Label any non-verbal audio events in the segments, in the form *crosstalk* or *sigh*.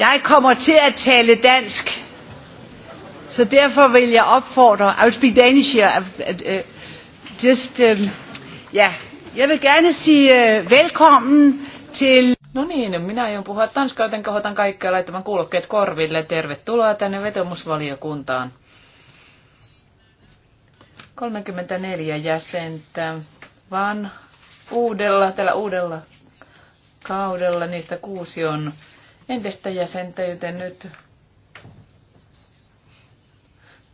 Jeg kommer til at tale dansk, så derfor vil jeg opfordre, I will speak Danish here, uh, uh, uh just, um, ja, um, yeah. jeg vil gerne sige uh, velkommen til... No niin, minä aion puhua tanskaa, joten kohotan kaikkia laittamaan kuulokkeet korville. Tervetuloa tänne vetomusvaliokuntaan. 34 jäsentä, vaan uudella, tällä uudella kaudella niistä kuusi on entistä jäsentä, joten nyt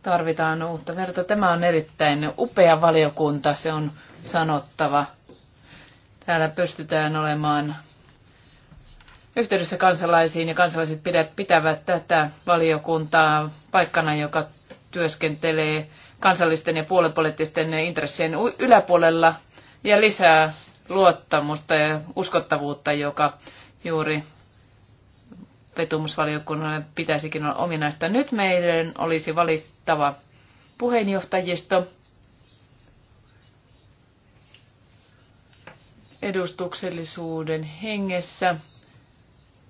tarvitaan uutta verta. Tämä on erittäin upea valiokunta, se on sanottava. Täällä pystytään olemaan yhteydessä kansalaisiin ja kansalaiset pitävät tätä valiokuntaa paikkana, joka työskentelee kansallisten ja puolipoliittisten intressien yläpuolella ja lisää luottamusta ja uskottavuutta, joka juuri vetumusvaliokunnalle pitäisikin olla ominaista. Nyt meidän olisi valittava puheenjohtajisto, edustuksellisuuden hengessä.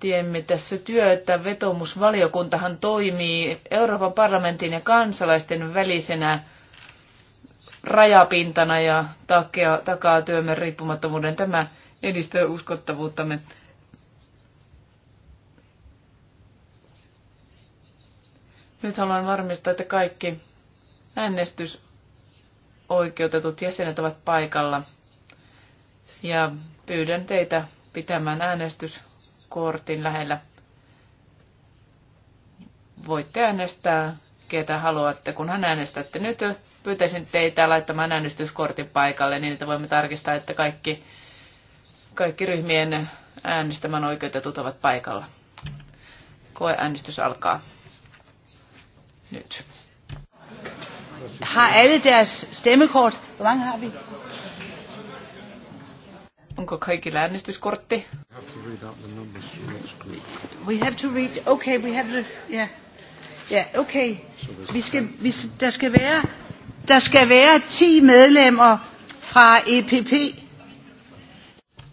Tiemme tässä työtä. Vetomusvaliokuntahan toimii Euroopan parlamentin ja kansalaisten välisenä rajapintana ja takia, takaa työmme riippumattomuuden. Tämä edistää uskottavuuttamme. Nyt haluan varmistaa, että kaikki äänestysoikeutetut jäsenet ovat paikalla. Ja pyydän teitä pitämään äänestyskortin lähellä. Voitte äänestää ketä haluatte, kunhan äänestätte. Nyt pyytäisin teitä laittamaan äänestyskortin paikalle niin, että voimme tarkistaa, että kaikki, kaikki ryhmien äänestämän oikeutetut ovat paikalla. äänestys alkaa nyt. Har alle deres stemmekort? Hvor mange har vi? Onko kaikki äänestyskortti? We have to read. Okay, we have to. Yeah. Yeah, okay. Vi skal, vi, der, skal være, der skal være 10 medlemmer fra EPP.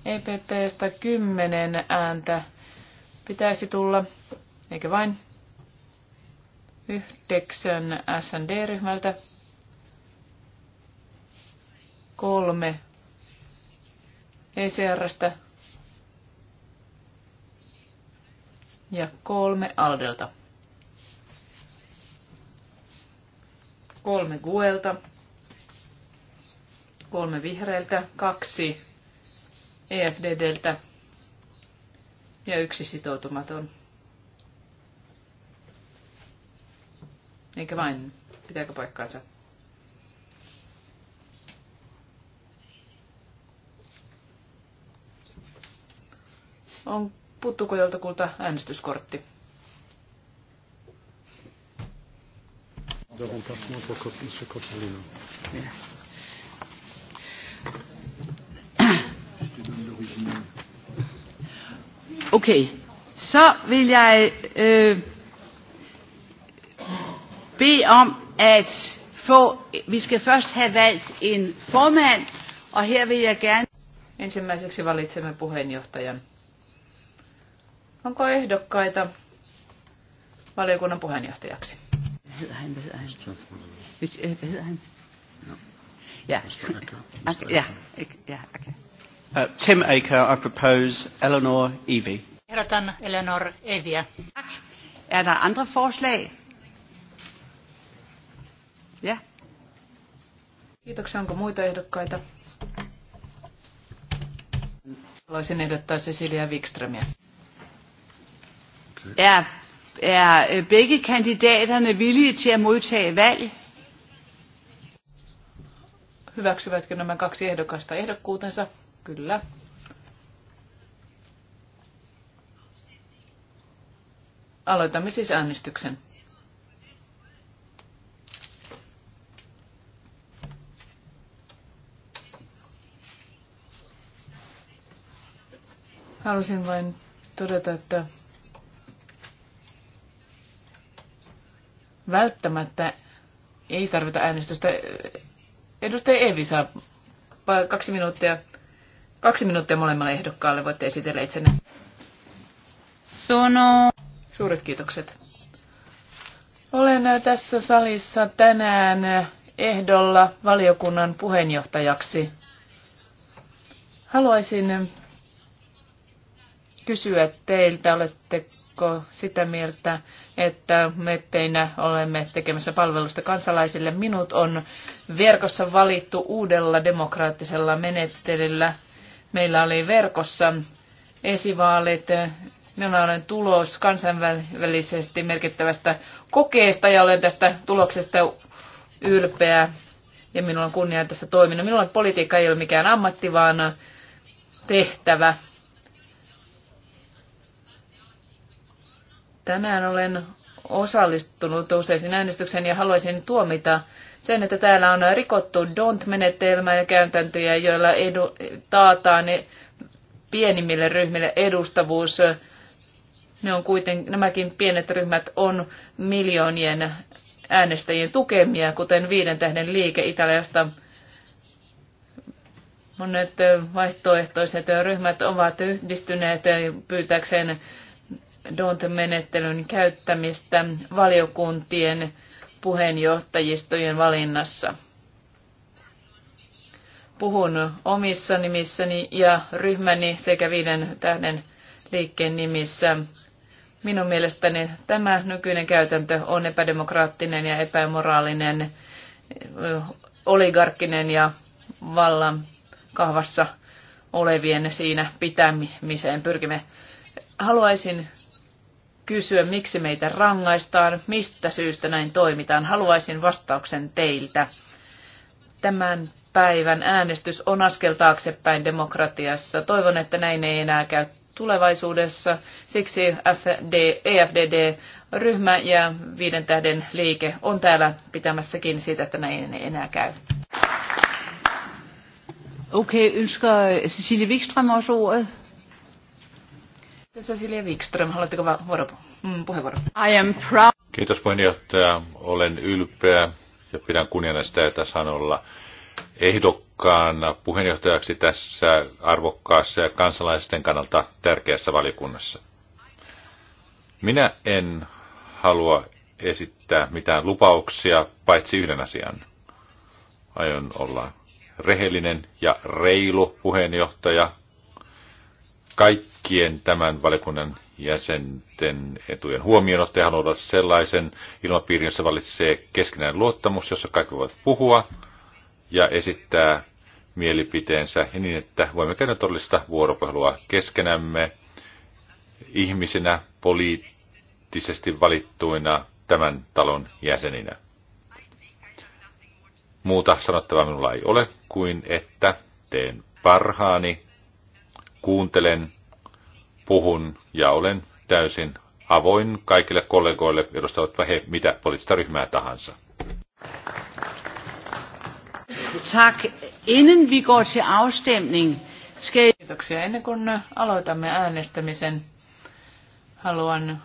EPPstä 10 ääntä pitäisi tulla, eikä vain yhdeksän SND-ryhmältä, kolme ECRstä ja kolme Aldelta. Kolme Guelta, kolme vihreiltä, kaksi EFDDltä ja yksi sitoutumaton. Eikä vain? Pitääkö paikkaansa? On puuttuuko joltakulta äänestyskortti? Okej, okay. så vill jag... Eh... Øh, bede om, at få, vi skal først have valgt en formand, og her vil jeg gerne... Ensimmäiseksi valitsemme puheenjohtajan. Onko ehdokkaita valiokunnan puheenjohtajaksi? Hvad hedder han? Hvad Tim Aker, I propose Eleanor Evie. Ehdotan Eleanor Evie. Er der andre forslag? Yeah. Kiitoksia. Onko muita ehdokkaita? Haluaisin ehdottaa Cecilia Wikströmiä. Er, er begge kandidaterne er villige til at modtage valg? Hyväksyvätkö nämä kaksi ehdokasta ehdokkuutensa? Kyllä. Aloitamme siis äänestyksen. Halusin vain todeta, että välttämättä ei tarvita äänestystä. Edustaja Evi saa kaksi minuuttia, kaksi minuuttia molemmalle ehdokkaalle. Voitte esitellä itsenne. Sono. Suuret kiitokset. Olen tässä salissa tänään ehdolla valiokunnan puheenjohtajaksi. Haluaisin kysyä teiltä, oletteko sitä mieltä, että meppeinä olemme tekemässä palvelusta kansalaisille. Minut on verkossa valittu uudella demokraattisella menettelyllä. Meillä oli verkossa esivaalit. Minä olen tulos kansainvälisesti merkittävästä kokeesta ja olen tästä tuloksesta ylpeä ja minulla on kunnia tässä toiminut. Minulla politiikka ei ole mikään ammatti, vaan tehtävä. Tänään olen osallistunut useisiin äänestykseen ja haluaisin tuomita sen, että täällä on rikottu don't-menetelmää ja käytäntöjä, joilla edu, taataan pienimmille ryhmille edustavuus. Ne on kuiten, nämäkin pienet ryhmät on miljoonien äänestäjien tukemia, kuten viiden tähden liike Italiasta. Monet vaihtoehtoiset ryhmät ovat yhdistyneet pyytäkseen DONT-menettelyn käyttämistä valiokuntien puheenjohtajistojen valinnassa. Puhun omissa nimissäni ja ryhmäni sekä viiden tähden liikkeen nimissä. Minun mielestäni tämä nykyinen käytäntö on epädemokraattinen ja epämoraalinen, oligarkkinen ja vallan kahvassa olevien siinä pitämiseen pyrkimme. Haluaisin kysyä, miksi meitä rangaistaan, mistä syystä näin toimitaan. Haluaisin vastauksen teiltä. Tämän päivän äänestys on askel taaksepäin demokratiassa. Toivon, että näin ei enää käy tulevaisuudessa. Siksi FD, EFDD-ryhmä ja viiden tähden liike on täällä pitämässäkin siitä, että näin ei enää käy. Okay, ønsker Cecilie Wikström også ordet? Cecilia Wikström, haluatteko mm, puheenvuoron? I am proud. Kiitos puheenjohtaja. Olen ylpeä ja pidän kunniana sitä, että saan olla ehdokkaana puheenjohtajaksi tässä arvokkaassa ja kansalaisten kannalta tärkeässä valiokunnassa. Minä en halua esittää mitään lupauksia, paitsi yhden asian. Aion olla rehellinen ja reilu puheenjohtaja kaikkien tämän valiokunnan jäsenten etujen ottaa ja haluan sellaisen ilmapiirin, jossa valitsee keskinäinen luottamus, jossa kaikki voivat puhua ja esittää mielipiteensä ja niin, että voimme käydä todellista vuoropuhelua keskenämme ihmisinä, poliittisesti valittuina tämän talon jäseninä. Muuta sanottavaa minulla ei ole kuin, että teen parhaani kuuntelen, puhun ja olen täysin avoin kaikille kollegoille, edustavat he mitä poliittista ryhmää tahansa. Tak. Inden vi går til afstemning, Kiitoksia. Ennen kuin aloitamme äänestämisen, haluan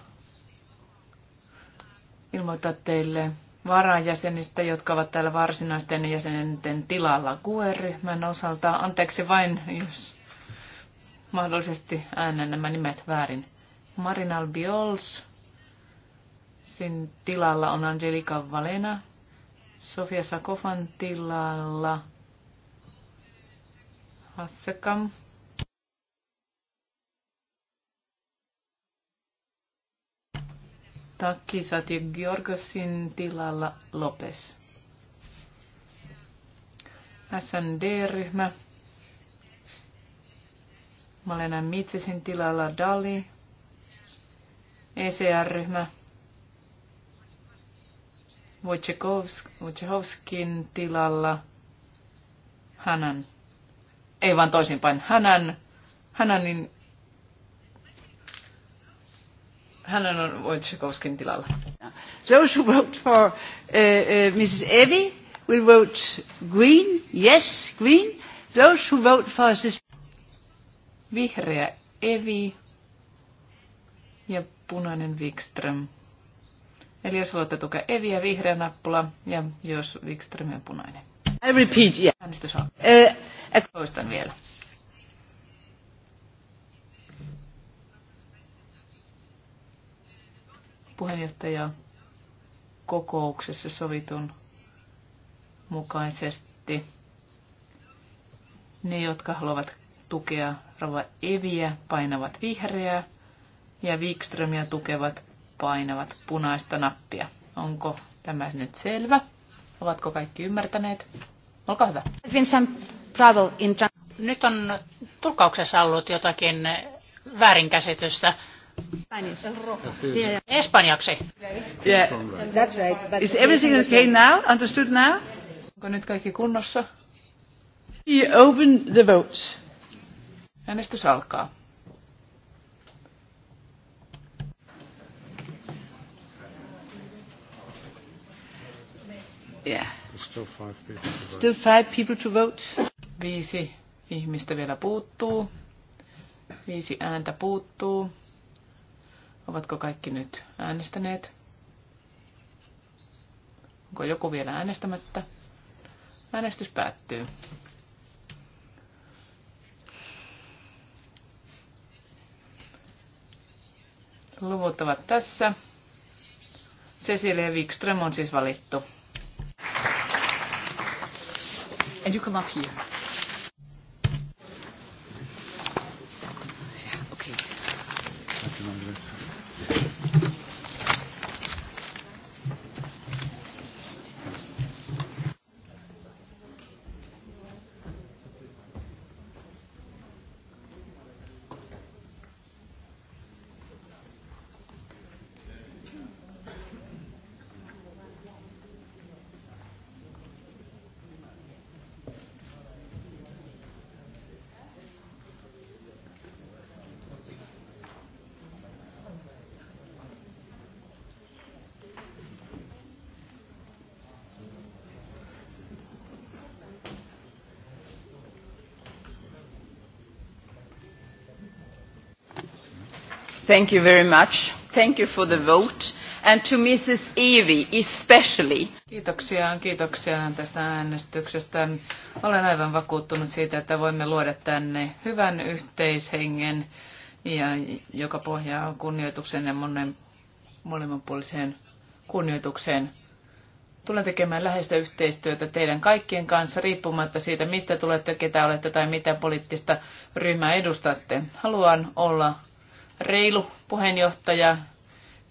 ilmoittaa teille varajäsenistä, jotka ovat täällä varsinaisten jäsenten tilalla QR-ryhmän osalta. Anteeksi vain, jos mahdollisesti äänen nämä nimet väärin. Marina Albiols, sen tilalla on Angelika Valena, Sofia Sakofan tilalla Hassekam. Takisat ja Georgosin tilalla Lopes. SND-ryhmä. Malena Mitsisin tilalla Dali, ECR-ryhmä, Wojciechowskin tilalla Hänän ei vaan toisinpäin, Hänän, Hänenin, Hänän on Wojciechowskin tilalla. Those who vote for uh, uh, Mrs. Evi will vote green, yes, green. Those who vote for Mrs. Vihreä Evi ja punainen Wikström. Eli jos haluatte tukea Eviä, vihreä nappula, ja jos Wikström ja punainen. I repeat, yeah. Äänestys on. Uh, eh, uh, eh, Toistan vielä. Puheenjohtaja kokouksessa sovitun mukaisesti ne, jotka haluavat tukea Rova Eviä painavat vihreää ja Wikströmiä tukevat painavat punaista nappia. Onko tämä nyt selvä? Ovatko kaikki ymmärtäneet? Olkaa hyvä. Nyt on tulkauksessa ollut jotakin väärinkäsitystä. Espanjaksi. Yeah, that's right. Is everything okay now? Understood now? Onko nyt kaikki kunnossa? You open the votes. Äänestys alkaa. Yeah. Still five people to vote. Still five people to vote. Viisi ihmistä vielä puuttuu. Viisi ääntä puuttuu. Ovatko kaikki nyt äänestäneet? Onko joku vielä äänestämättä? Äänestys päättyy. Luvut ovat tässä. Cecilia Wikström on siis valittu. And you come up here. Thank you very much. Thank you for the vote. And to Mrs. Evi especially. Kiitoksia, kiitoksia tästä äänestyksestä. Olen aivan vakuuttunut siitä, että voimme luoda tänne hyvän yhteishengen, ja joka pohjaa kunnioituksen ja monen, molemminpuoliseen kunnioitukseen. Tulen tekemään läheistä yhteistyötä teidän kaikkien kanssa, riippumatta siitä, mistä tulette, ketä olette tai mitä poliittista ryhmää edustatte. Haluan olla reilu puheenjohtaja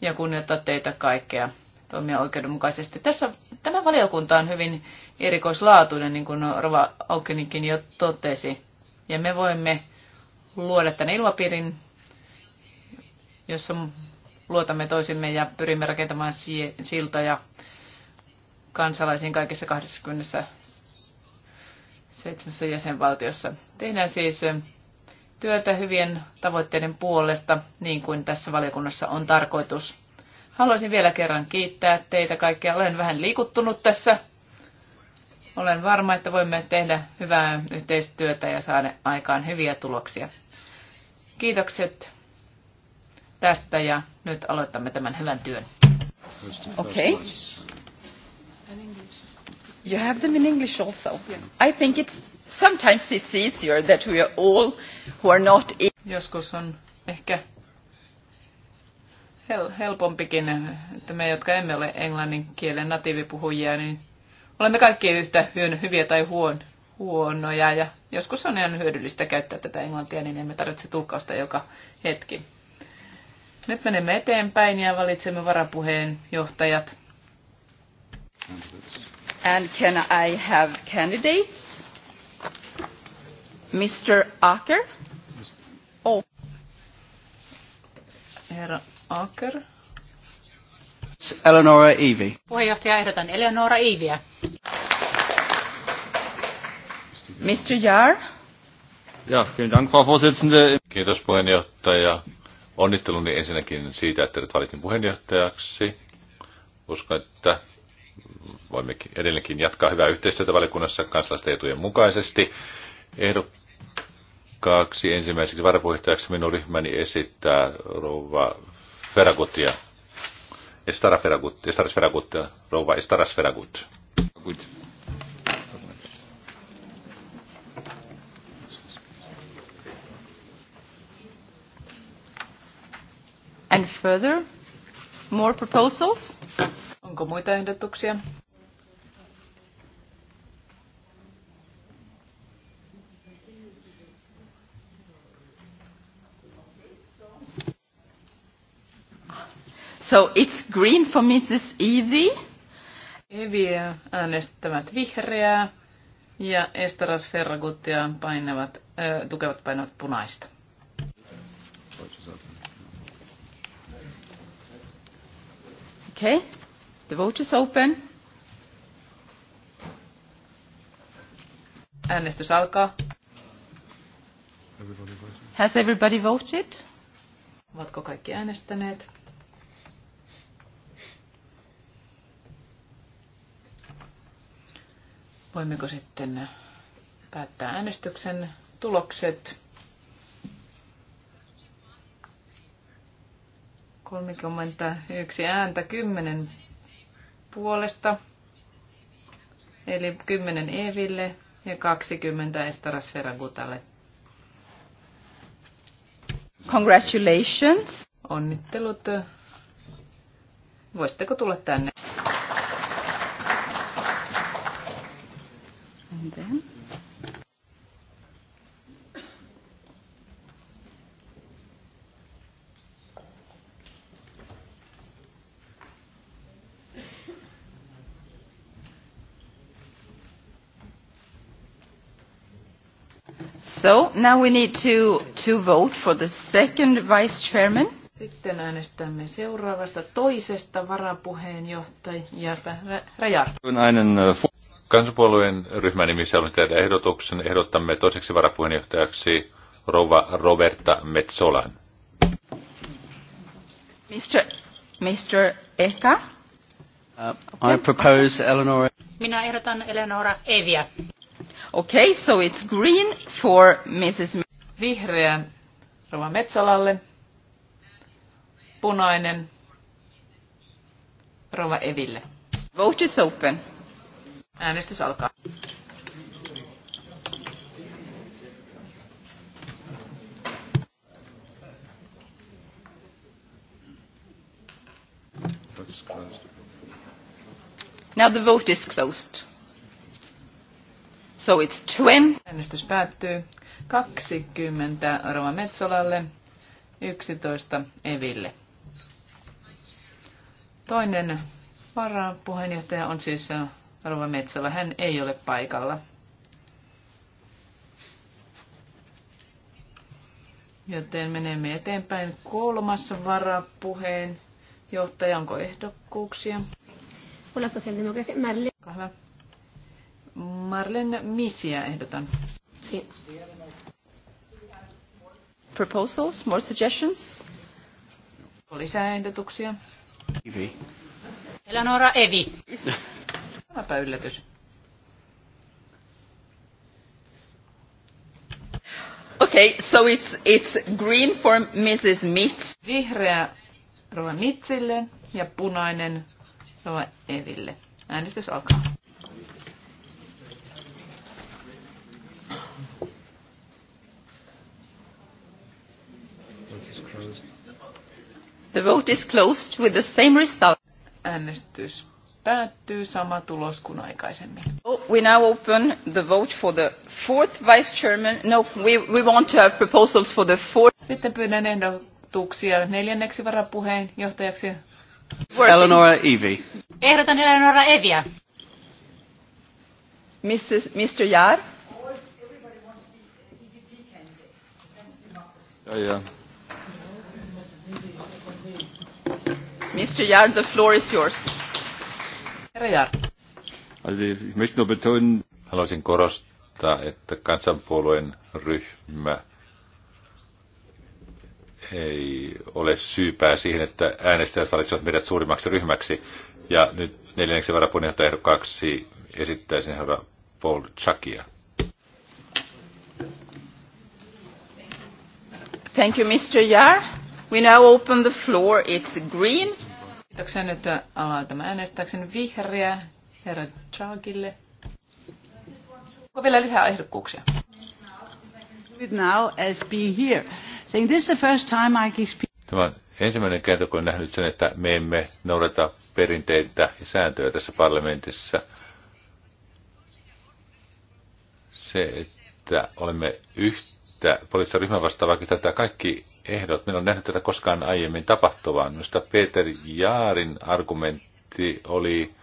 ja kunnioittaa teitä kaikkea toimia oikeudenmukaisesti. Tässä, tämä valiokunta on hyvin erikoislaatuinen, niin kuin Rova Aukenikin jo totesi. Ja me voimme luoda tänne ilmapiirin, jossa luotamme toisimme ja pyrimme rakentamaan siltoja kansalaisiin kaikissa 27 jäsenvaltiossa. Tehdään siis työtä hyvien tavoitteiden puolesta, niin kuin tässä valiokunnassa on tarkoitus. Haluaisin vielä kerran kiittää teitä kaikkia. Olen vähän liikuttunut tässä. Olen varma, että voimme tehdä hyvää yhteistyötä ja saada aikaan hyviä tuloksia. Kiitokset tästä ja nyt aloitamme tämän hyvän työn. Okay. You have them in English also. I think it's sometimes it's easier that we are all who are not Joskus on ehkä hel- helpompikin, että me, jotka emme ole englannin kielen natiivipuhujia, niin olemme kaikki yhtä hyviä tai huon, huonoja. Ja joskus on ihan hyödyllistä käyttää tätä englantia, niin emme tarvitse tulkkausta joka hetki. Nyt menemme eteenpäin ja valitsemme varapuheen johtajat. And can I have candidates? Mr. Aker? Oh. Herra Aker. Eleonora Evi. Puheenjohtaja ehdotan Eleonora Eviä. Mr. Jar. Ja, vielen Dank, Frau Vorsitzende. Kiitos puheenjohtaja. Onnitteluni ensinnäkin siitä, että nyt valitin puheenjohtajaksi. Uskon, että voimme edelleenkin jatkaa hyvää yhteistyötä valiokunnassa kansalaisten etujen mukaisesti ehdokkaaksi ensimmäiseksi varapuheenjohtajaksi minun ryhmäni esittää rouva Feragutia. Estara feragut, Estaras Feragut, rouva Estaras feragut. Good. And further, more proposals? Onko muita ehdotuksia? So it's green for Mrs. Evie. Evie äänestävät vihreää ja Estaras Ferragutia painavat, äh, tukevat painavat punaista. Okay, the vote is open. Äänestys alkaa. Has everybody voted? Ovatko kaikki äänestäneet? Voimmeko sitten päättää äänestyksen tulokset? 31 ääntä 10 puolesta, eli 10 Eville ja 20 Estaras Ferragutalle. Congratulations! Onnittelut! Voisitteko tulla tänne? So now we need to, to vote for the second vice chairman. Sitten äänestämme seuraavasta toisesta varapuheenjohtajasta Rajar. Äh, Kansanpuolueen ryhmän nimissä on tehdä ehdotuksen. Ehdottamme toiseksi varapuheenjohtajaksi Rova Roberta Metsolan. Mr. Mr. Eka? Uh, okay. I propose Eleanor... Minä ehdotan Eleonora Evia. Okay, so it's green for Mrs. Vihreä Rova Metsalalle. Punainen Rova Eville. Vote is open. Äänestys alkaa. Now the vote is closed. So it's 20. Äänestys päättyy 20 Rova Metsolalle, 11 Eville. Toinen varapuheenjohtaja on siis äh, Rova Metsola. Hän ei ole paikalla. Joten menemme eteenpäin. Kolmas varapuheenjohtaja, onko ehdokkuuksia? Hola, Marle. Hyvä. Marlen Misia ehdotan. Si. Proposals, more suggestions? No. Lisää ehdotuksia. Evi. Eleonora Evi. Tämäpä *laughs* yllätys. Okay, so it's, it's green for Mrs. Mitz. Vihreä Rova Mitzille ja punainen Rova Eville. Äänestys alkaa. The vote is closed with the same result. Äänestys päättyy sama tulos kuin aikaisemmin. Oh, we now open the vote for the fourth vice chairman. No, we, we want to have proposals for the fourth. Sitten pyydän ehdotuksia neljänneksi johtajaksi. Eleonora Evi. Ehdotan Eleonora Eviä. Mr. Jaar. Yeah, yeah. Mr. the floor is yours. Herra Jahr. Haluaisin korostaa, että kansanpuolueen ryhmä ei ole syypää siihen, että äänestäjät valitsevat meidät suurimmaksi ryhmäksi. Ja nyt neljänneksi ehdokkaaksi esittäisin herra Paul Chakia. Thank you, Mr. Yar. We now open the floor. It's green. Kiitoksia. Nyt aloitamme äänestääkseni vihreä herra Chagille. Onko vielä lisää ehdokkuuksia? Tämä on ensimmäinen kerta, kun olen nähnyt sen, että me emme noudata perinteitä ja sääntöjä tässä parlamentissa. Se, että olemme yhtä poliittista ryhmää vastaavaa, tätä kaikki ehdot. Minä olen nähnyt tätä koskaan aiemmin tapahtuvan. Minusta Peter Jaarin argumentti oli,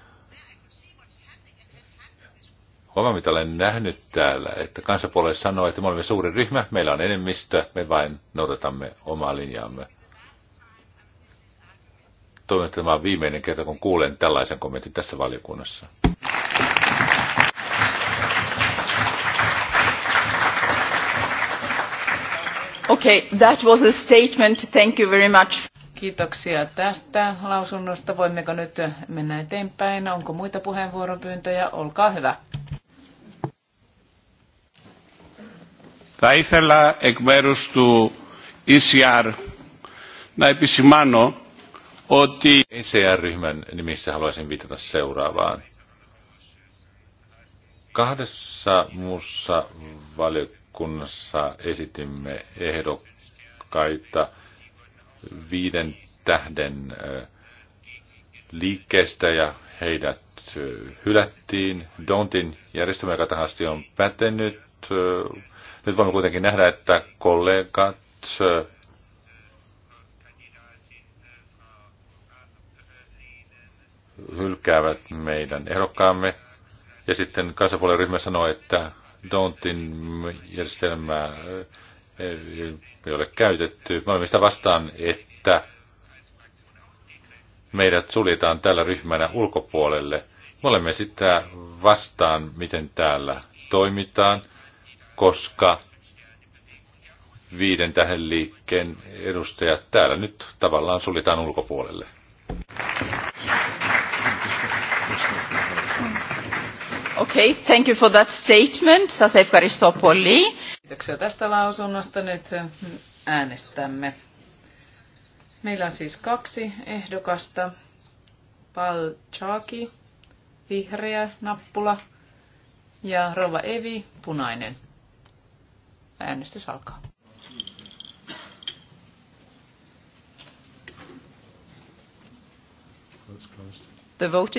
Oma, mitä olen nähnyt täällä, että kansapuolelle sanoo, että me olemme suuri ryhmä, meillä on enemmistö, me vain noudatamme omaa linjaamme. Toivon, että tämä on viimeinen kerta, kun kuulen tällaisen kommentin tässä valiokunnassa. Okay, that was a statement. Thank you very much. Kiitoksia tästä lausunnosta. Voimmeko nyt mennä eteenpäin? Onko muita puheenvuoropyyntöjä? Olkaa hyvä. Θα ήθελα εκ μέρους του ECR να επισημάνω ότι... ECR-ryhmän nimissä haluaisin viitata seuraavaan. Kahdessa muussa valiokunnassa valiokunnassa esitimme ehdokkaita viiden tähden liikkeestä ja heidät hylättiin. Dontin järjestelmä, joka tähän asti on pätenyt. Nyt voimme kuitenkin nähdä, että kollegat hylkäävät meidän ehdokkaamme. Ja sitten kansanpuolen ryhmä sanoi, että Dontin järjestelmää eh, ei ole käytetty. Me olemme sitä vastaan, että meidät suljetaan tällä ryhmänä ulkopuolelle. Me olemme sitä vastaan, miten täällä toimitaan, koska viiden tähden liikkeen edustajat täällä nyt tavallaan suljetaan ulkopuolelle. Okei, thank you for that statement. Kiitoksia tästä lausunnosta. Nyt äänestämme. Meillä on siis kaksi ehdokasta. Chaki, vihreä nappula, ja Rova Evi, punainen. Äänestys alkaa. The vote